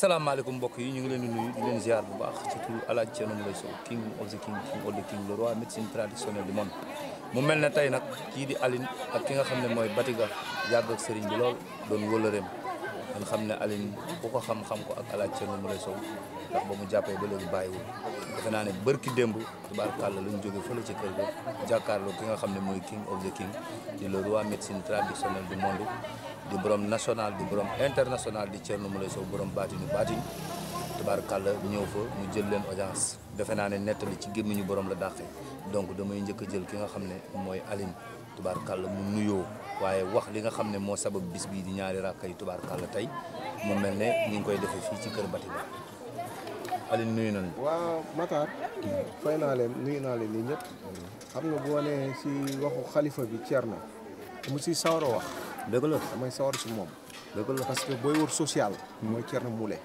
asalaamaaleykum mbokk yi ñu ngi leen di nuyu bu baax ci turu El Hadj Thierno Moule Sow king of the king king of the king le du monde mu mel ne tey nag kii di Aline ak ki nga xam ne mooy Batiga yàgg ak sëriñ bi lool doon wëlëreem man xam ne Aline ku ko xam-xam ko ak alaaj Thierno Moule Sow ndax ba mu jàppee ba léegi bàyyiwul defe naa ne bërki démb tubaarkàlla lu ñu jógee fële ci kër gi jàkkaarloo ki nga xam ne mooy king of the king di le roi médecine traditionnelle du monde di borom national di borom international di mu lay Sow borom baatinu baatin tubaarkàlla ñëw fa mu jël leen audience defe naa ne nettali ci gémmiñu borom la dàqee donc damay njëkk a jël ki nga xam ne mooy Aline tubaarkàlla mu nuyoo waaye wax li nga xam ne moo sabab bis bii di ñaari rakka yu tubaarkàlla tey mu mel ne ñu ngi koy defee fii ci kër Batiba Alioune nuyu nañu. waaw Matar. fay naa leen nuyu ñëpp. xam nga boo nee si waxu xalifa bi Thierno mu si sawar a wax. dëgg la sawar si moom. dëgg parce que booy wër social. mooy Thierno Moule.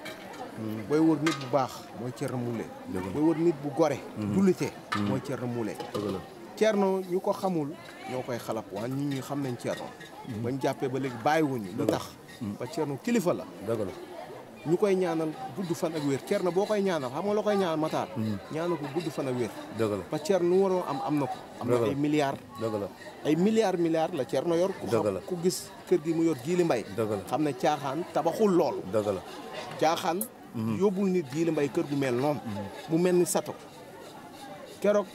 Hmm. booy wër nit bu baax. mooy cer Moule. dëgg booy wër nit bu gore. Hmm. dullite. mooy Thierno Moule. dëgg Thierno ñu ko xamul ñoo koy xalap waan ñi ñi xam nañ Thierno mm-hmm. bañ jàppee ba léegi bàyyiwuñu lu tax mm-hmm. ba Thierno kilifa la dëgg ñu koy ñaanal gudd fan ak wér Thierno boo koy ñaanal xam nga la koy ñaanal Matar mm-hmm. ñaanal ko gudd fan ak wér dëgg la ba Thierno nu waroon am am na ko am na ay milliards dëgg la ay milliards milliards la Thierno yor ku xam ku gis kër gi mu yor Djily Mbaye dëgg la xam ne caaxaan tabaxul lool dëgg la caaxaan yóbbul nit Djily kër gu mel noonu mu mel ni sato keroog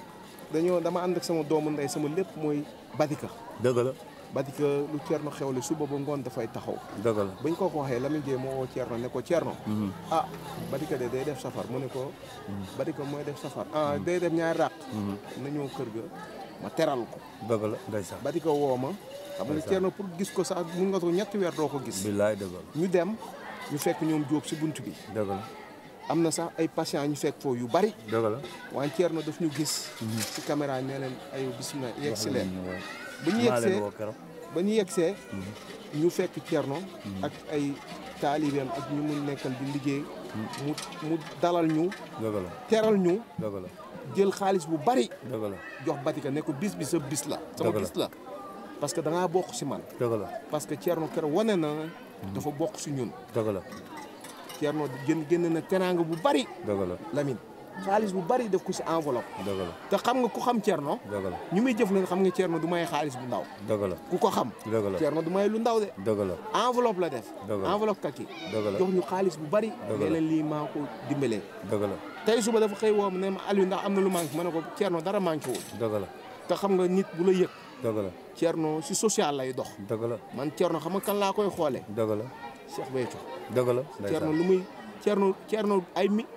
dañoo dama ànd ak sama doomu ndey sama lépp mooy Badika. dëgg la. Badika lu Thierno xewle suba ba ngoon dafay taxaw. dëgg bañ koo ko waxee Lamine Gueye moo woo Thierno ne ko Thierno. Mhm. ah Badika de day def safar mu ne ko. Mhm. Badika mooy def safar ah mhm. day def ñaari raak. na ñëw kër ga ma teral ko. dëgg la ndeysaan Badika woo ma. xam nga Thierno pour gis ko sax mun nga ko ñetti weer doo ko gis. billaay dëgg la ñu dem ñu fekk ñoom jóob si bunt bi. dëgg am na sax ay patients ñu fekk foofu yu bari. dëgg la waaye Thierno daf ñu gis. Mhm. ci caméra yi nee leen ayu bisimilah yegg si leen. bu ñu ba ñu yegsee mhm. ñu fekk Thierno. Mhm. ak ay taalibeem ak ñu mu nekkal di liggéey. mu dalal ñu. teral ñu. dëgg jël xaalis bu bari. dëgg jox Batika ne ko bis bi sa bis la. sama bis la parce que da bokk si man. dëgg la parce que Thierno keroog wane na. dafa bokk si ñun. dëgg Thierno génn génn na teraanga bu bari. dëgg la Lamine xaalis bu bari def ku si enveloppe. dëgg la te xam nga ku xam Thierno. dëgg la ñu muy jëf la nga xam nga du may xaalis bu ndaw. dëgg ku ko xam. dëgg la Thierno du may lu ndaw de. dëgg la enveloppe la def. dëgg la enveloppe kaki. dëgg la jox ñu xaalis bu bari. dëgg la ne leen lii maa ko dimbalee. dëgg la tey suba dafa xëy woo ne ma Aliou ndax am na lu manqué ma ne ko noo dara manqué wul. dëgg la te xam nga nit bu la yëg. dëgg la Thierno si social lay dox. dëgg la man Thierno xam nga kan laa koy xoolee. dëgg la Cheikh Béthio. dëgg la ndeysaan Thierno lu muy Thierno Thierno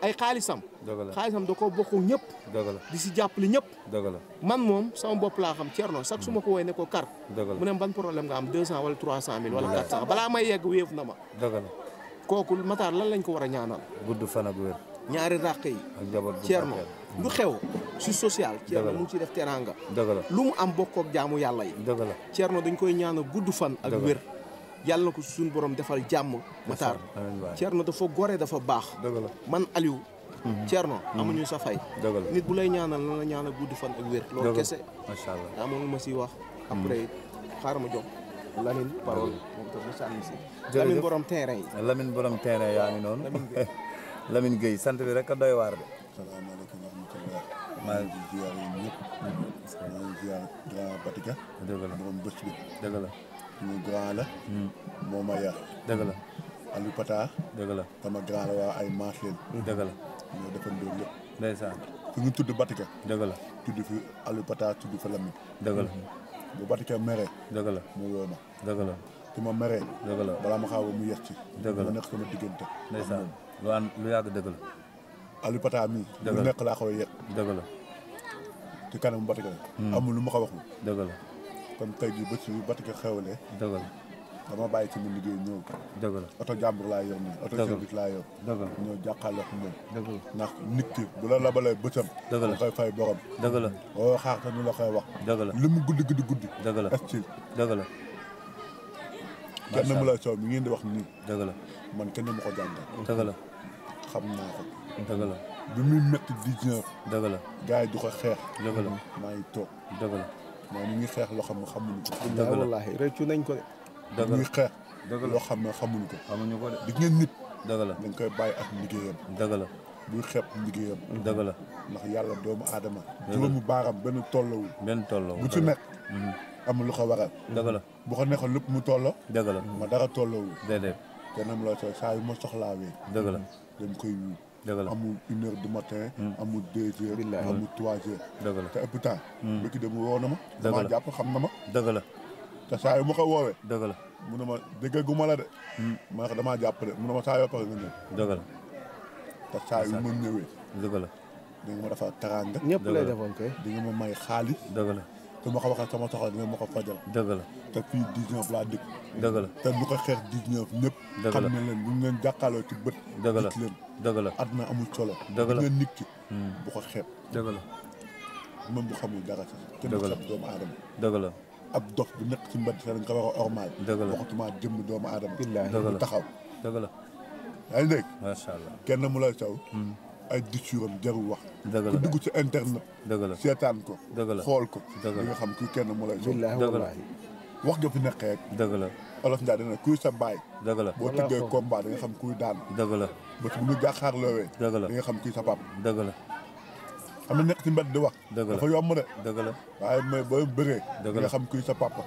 ay xaalisam. dëgg la bokk ñëpp. dëgg la di si jàppale ñëpp. dëgg la man moom sama bopp laa xam no sax su ma ko woowee ne ko kar. dëgg la mu ne ban problème nga am balaa may yegg wéef na ma. la kooku Matar lan lañ ko war a ñaanal. gudd fan ak wér. ñaari ràq yi. ak jabar Thierno lu xew. su social Thierno mu ngi ciy def teraanga. dëgg lu mu am bokkook jaamu yàlla yi. dëgg la Thierno dañ koy ñaanal gudd fan. ak wér yàlla na ko suñu borom defal jàmm. Matar Thierno dafa gore dafa baax. man aliw Aliou. Mhm. Thierno mhm. amuñu sa fay. nit bu lay ñaanal na la ñaanal guddi fan ak wér. loolu kese. macha allah amoon ma si wax. après mhm. xaaral ma jox Lamine parole moom itam mu sànni si. Lamine borom terrain yi. Lamine borom terrain yaa ngi noonu. Lamine Gueye sant bi rek a doy waar de. salaamaaleykum wa rahmatulah. maa ngi ziar yéen ñëpp. maa ngi ziar grand Batika. bi la. ñu grand la. moo ma yar. dëgg la Aliou Pata. sama grand la waa ay maas leen. dëgg la ñoo defandoo lépp. ndeysaan tudd Batika. dëgg la tudd fi Aliou Pata tudd fa Lamine. dëgg la meree. dëgg la mu woo ma. dëgg la su ma meree. dëgg balaa ma xaaw mu yegg ci. dëgg la mu nekk sama diggante. ndeysaan lu lu yàgg dëgg la. Aliou Pata mii. lu nekk laa koy yegg. dëgg la ci kanam Batika. amul lu ma xaw waxul. dëgg kon tey jii ba ci ba ci xewle. dama bàyyi ci mu liggéey ñëw. dëgg oto jàmbur laa yor nii. oto laa yor. dëgg la ñëw jàkkaarloog nit bu la labalee bëtam. dëgg la nga koy fay borom. dëgg la oo koy wax. dëgg li mu guddi guddi guddi. dëgg la est dëgg la. kenn mu lay soow mi ngeen di wax nii. dëgg la man kenn mu ko jàngal. dëgg la xam naa ko. dëgg la bi muy métti dix-neuf. dëgg la yi di ko xeex. dëgg toog mooy ñu ngi xeex loo xam ne xamuñu ko. dëgg nañ ko de. dëgg la ñu loo xam ne xamuñu ko. xamuñu ko de di ngeen nit. dëgg la koy bàyyi ak liggéeyam. dëgg la buy xeeb liggéeyam. dëgg la yàlla doomu aadama. juróomi baaram benn tollawul. benn tollawul bu ci nekk. amul lu ko waral. dëgg la bu ko neexoon lépp mu tolloo. dëgg la ma dara tollawul. déedéet. te nam loo sooy saa yu ma soxlaawee. dëgg la dañ koy amul une heure du matin hmm. amul deux heures amul trois heures te ëpp temps hmm. bëkki dem woo na ma damaa jàpp xam na ma dëgg la te saa yu ma ko woowee dëgg la mu ne ma dëgg gu la de hmm. ma ne ko damaa jàpp de mu na ma saa yoo pare nga ñëw dëgg la te saa yu ma ñëwee dëgg la di nga ma defal teraanga ñëpp lay defal kay di nga ma may xaalis te ma ko waxee sama soxla nga ma ko fajal dëgg la te fii 19 laa dëkk dëgg la te lu ko xeex 19 ñëpp xam ne leen bu ñu leen jàkkaaloo ci bët dëgg la leen dëgg la at na amul solo dëgg la nga nit ki bu ko xeeb dëgg la même bu xamul dara sax kenn du xeeb doomu aadama dëgg la ab dof bu nekk ci mbedd sax dañ ko war a ormaal dëgg la waxatuma jëmm doomu bu taxaw daa la yaa allah kenn mu lay saw ay discours am jarul wax. dëgg la ku dugg ci internet. dëgg la seetaan ko. dëgg la xool ko. dëgg la nga xam kii kenn mu lay. dëgg la wax nga fi nekkee rek. dëgg la olof Ndiaye dana kuy sa baay. dëgg la boo tëggee combat da xam kuy daan. dëgg la bët bu ñu jàkkaarloowee. dëgg la nga xam kuy sa pap dëgg am na nekk ci mbedd di wax. dëgg la dafa yomb de. waaye mooy booy bëree dëgg la xam kuy sa papa.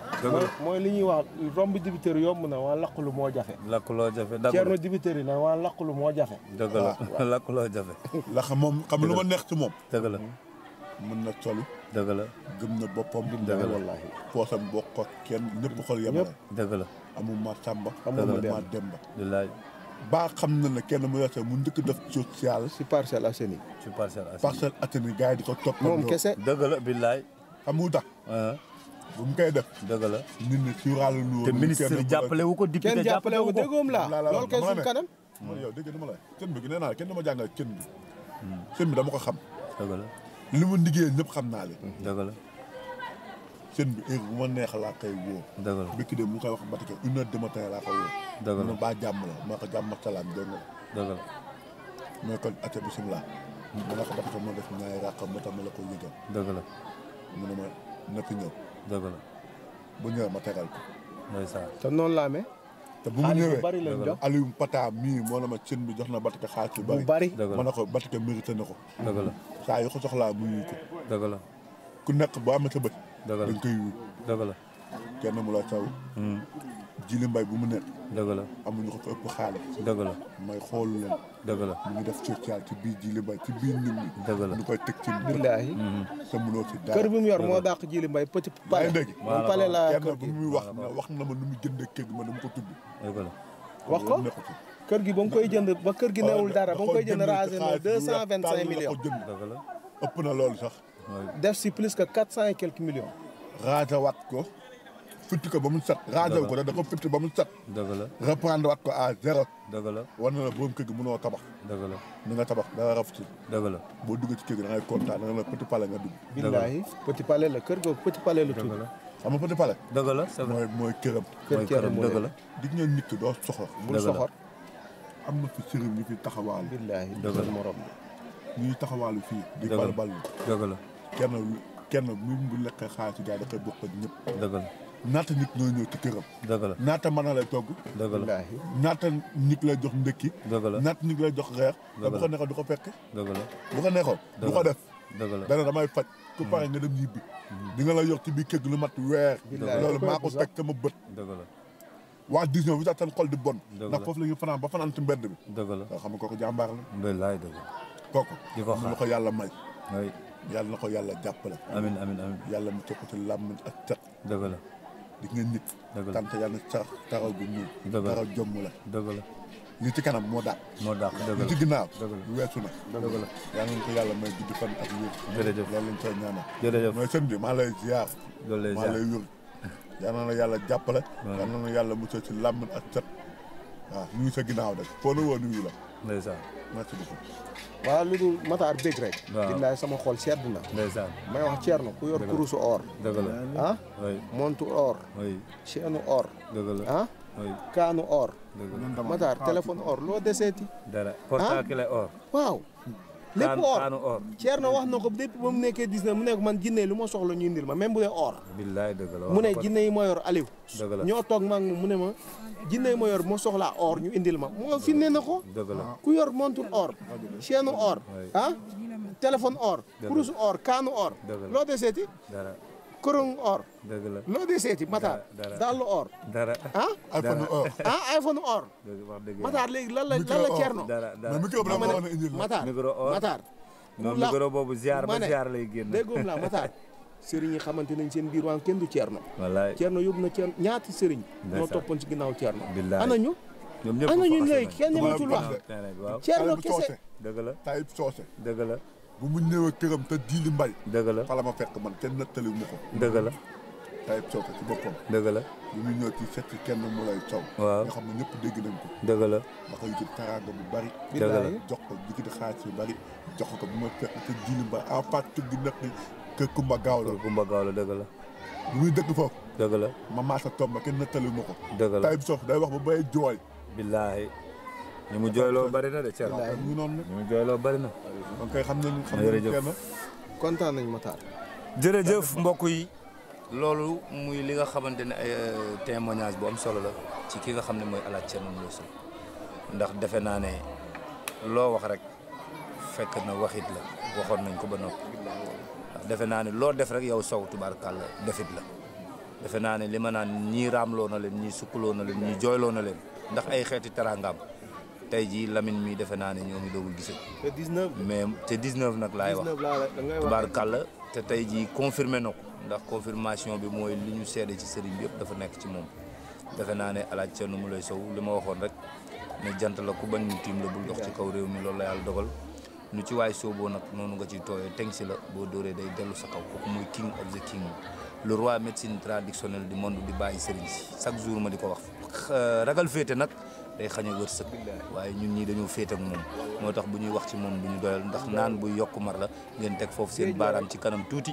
mooy li ñuy wax romb dibiteri yomb na waa laqulu moo jafe. laquloo jafe dëgg la ceerno dibiteri waa laqulu moo jafe. dëgg la laquloo jafe. lax moom xam lu ma neex ci moom. dëgg la mën na tolu. dëgg la gëm na boppam. dëgg la wallaahi poosam bokk ak kenn ñëpp xool yem la. dëgg la amul ma Samba. amul ma Demba. baa xam na ne kenn mu weesoo mu njëkk def social. si Parcelles Assainies. si Parcelles Assainies Parcelles Assainies gars di ko toppandoo. moom kese dëgg la billaay. xam nga tax. bu mu koy def. dëgg la nit ñi lu. te ministre jàppale wu ko député jàppale wu ko déggoom laa loolu kay suñu la kenn bi nee naa kenn dama jàngal kenn bi. kenn hmm. bi dama ko xam. dëgg la li mu liggéeyee ñëpp xam naa leen. dëgg la. seen bi ma neex laa de mu koy wax Matick une heure de matin laa koy woo. dëgg la mu baa ko jàmm la. mooy kon def ñaari rakkam ma tam ma la ko yëgal. dëgg la. mu ne ma nekk ñëwee ma tegal ko. ndeysaan te noonu la amee. te bu mu ñëwee Aliou Pata mii moo la ma cin jox na Batika xaalis bu bari. bu bari ma ne ko Batika mérité na ko. dëgg la saa yu ko soxlaa mu ñu ko. ku nekk boo amee sa bët. dëgg da nga koy la. kenn mu la taw. Hmm. jili mbay bu mu nekk. dëgg la amuñu ko fa ëpp xaalis. dëgg la may xool leen. dëgg mu ngi def social ci biir jili mbay ci biir nit ñi. dëgg la ñu koy teg ci. billaahi. Hmm. te munoo ci dara kër bi mu yor moo dàq jili mbay petit. palais moom palais la kër gi muy wax na ma nu mu jëndee kër gi ma dama ko tudd. dëgg wax ko kër gi ba mu koy jënd ba kër gi newul dara ba mu koy jënd rasé na deux cent vingt cinq millions. ëpp na loolu sax. def si plus que quatre cent et quelques millions. ko. fitti ko ba mu set. raajaw ko da ko fitti ba mu set. dëgg la reprendre waat ko à zéro. la war na la borom kër gi mënoo tabax. dëgg la ni nga tabax dara rafetul. dëgg la boo dugg ci kër gi kontaan da nga ne petit palais nga dugg. billaahi petit palais la kër googu petit palais la tudd. dëgg la xam nga petit palais. mooy këram. mooy këram dëgg doo soxor. bul soxor am na fi sëriñ ñu fi taxawaalu. billaahi dëgg la morom ñuy taxawaalu fii. dëgg la di bal bal dëgg la kenn kenn mu bu lekk xaalis daal da koy bokk ak ñëpp. dëgg la naata nit ñoo ñëw ci këram. dëgg naata mën a la naata nit lay jox ndëkki. la naata nit lay jox reer. dëgg la bu ko neexoon du ko fekk. dëgg la bu ko neexoon du ko def. dëgg la dana damay faj. ku pare nga dem ñibbi. di nga la yor ci biir kër lu mat weer. loolu maa ko teg sama bët. dëgg la waa dix neuf bi sax seen xol di bon. ndax foofu la ñuy fanaan ba fanaan ci mbedd bi. dëgg la nga xam ne kooku jàmbaar la. mbéy laay dëgg kooku. di ko xaar yàlla may. yàlla na ko yàlla jàppale. amiin amiin amiin yàlla mu tokkati làmm ak cat. dëgg la di nga nit. dëgg la tant yàlla na tax taxaw gu ñuul. dëgg la taxaw jomm la. dëgg la ci kanam moo dàq. moo dàq dëgg la li ci ginnaaw. dëgg la weesu na. dëgg la yàlla ko yàlla may gudd fan ak wér. jërëjëf loolu lañ koy mooy sëñ bi maa lay ziar. loolu lay ziar maa lay yàlla na yàlla jàppale. yàlla na yàlla mu ci làmm ak cat. a ñu ngi sa ginnaaw rek foo na woon la ndeysaan merci beaucoup lu dul Matar bég rek billaay sama xol sedd na may wax Thierno ku yor kurusu or ah? montu or chaîne or dëgg la ah kaanu or Matar téléphone loo deseeti dara portable ah? or waaw lépp or Thierno wax na ko lépp ba mu nekkee dix na mu nekk man jinne lu ma soxla ñu indil ma même bu or billaay dëgg la mu ne jinne yi ma yor Aliou ñoo toog maag moom mu ne ma jinne yi ma yor soxlaa or ñu indil ma moo fi ne na ko ku yor montul or chaîne or ah téléphone or kurus or kaanu or loo deseeti këram or. dëgg la loo dee seeti Matar. dara dàll or. dara aa ah? iPhone or ah iPhone or. Matar léegi lan la la Thierno. dara dara Matar micro or Matar. moom micro boobu ziar ba ziar lay génn. déggoom la Matar. sëriñ yi xamante nañ seen biir waan kenn du Thierno. wallaay Thierno yóbbu na Thierno ñaat sëriñ. ñoo toppoon ci ginnaaw Thierno. billaay ana ñu. ñoom ñëpp ñu léegi kenn ñëmatul wax. Thierno kese dëgg bu mu ñëwee këram te diili mbay. dëgg la fa la ma fekk man kenn nettali mu ko. dëgg la. Taïb Sow ci boppam. dëgg la. bu muy ñëw ci seet kenn mu lay sow. xam ne ñëpp dégg nañ ko. dëgg la. ma koy jël bu bari. jox ko jigéen xaalis bu bari. jox ko bu ma fekk te diili mbay en partie gi nekk kër Kumba Gaaw la. kër Kumba Gaaw la dëgg bu foofu. dëgg la ma maasa tomba kenn nettali mu ko. dëgg la Taïb Sow day wax ba bay jooy. billaahi. ñu mu jooyloo bari na de Thierno. ñu mu jooyloo bari na. kon kay xam nañu xam nañu kenn. kontaan nañu Matar. jërëjëf mbokk yi. loolu muy li nga xamante ne ay euh, témoignage bu solo la ci ki nga xam ne mooy alaaj Thierno loo Sow ndax defe naa ne loo wax rek fekk na waxit la waxoon nañ ko ba noppi ndax defe naa ne loo def rek yow Sow tubaarkàlla defit la defe naa ne li ma naan ñii raamloo na leen ñii sukkuloo na leen ñii jooyloo na leen ndax ay xeeti teraangaam tey jii Lamine mi defe naa ne ñoo ngi doog a gise te 19 mais te 19 nag laay wax tubaarkàlla te tey jii confirmé na ko ndax confirmation bi mooy li ñu seede ci sëriñ bi yëpp dafa nekk ci moom defe naa ne alaaj ca nu mu lay sow li ma waxoon rek ne jant la ku ban ñu tiim la bul dox ci kaw réew mi loolu la yàlla dogal nu ci waay sooboo nag noonu nga ci tooyee teng si la boo dóoree day dellu sa kaw kooku muy king of the king le roi médecine traditionnelle di bàyyi sëriñ si chaque jour ma di ko wax ragal féete day xañ a wërsëg waaye ñun ñii dañoo féet moom moo tax bu ñuy wax ci moom bu ñu doyal ndax naan buy yokk mar la ngeen teg foofu seen baaraam ci kanam tuuti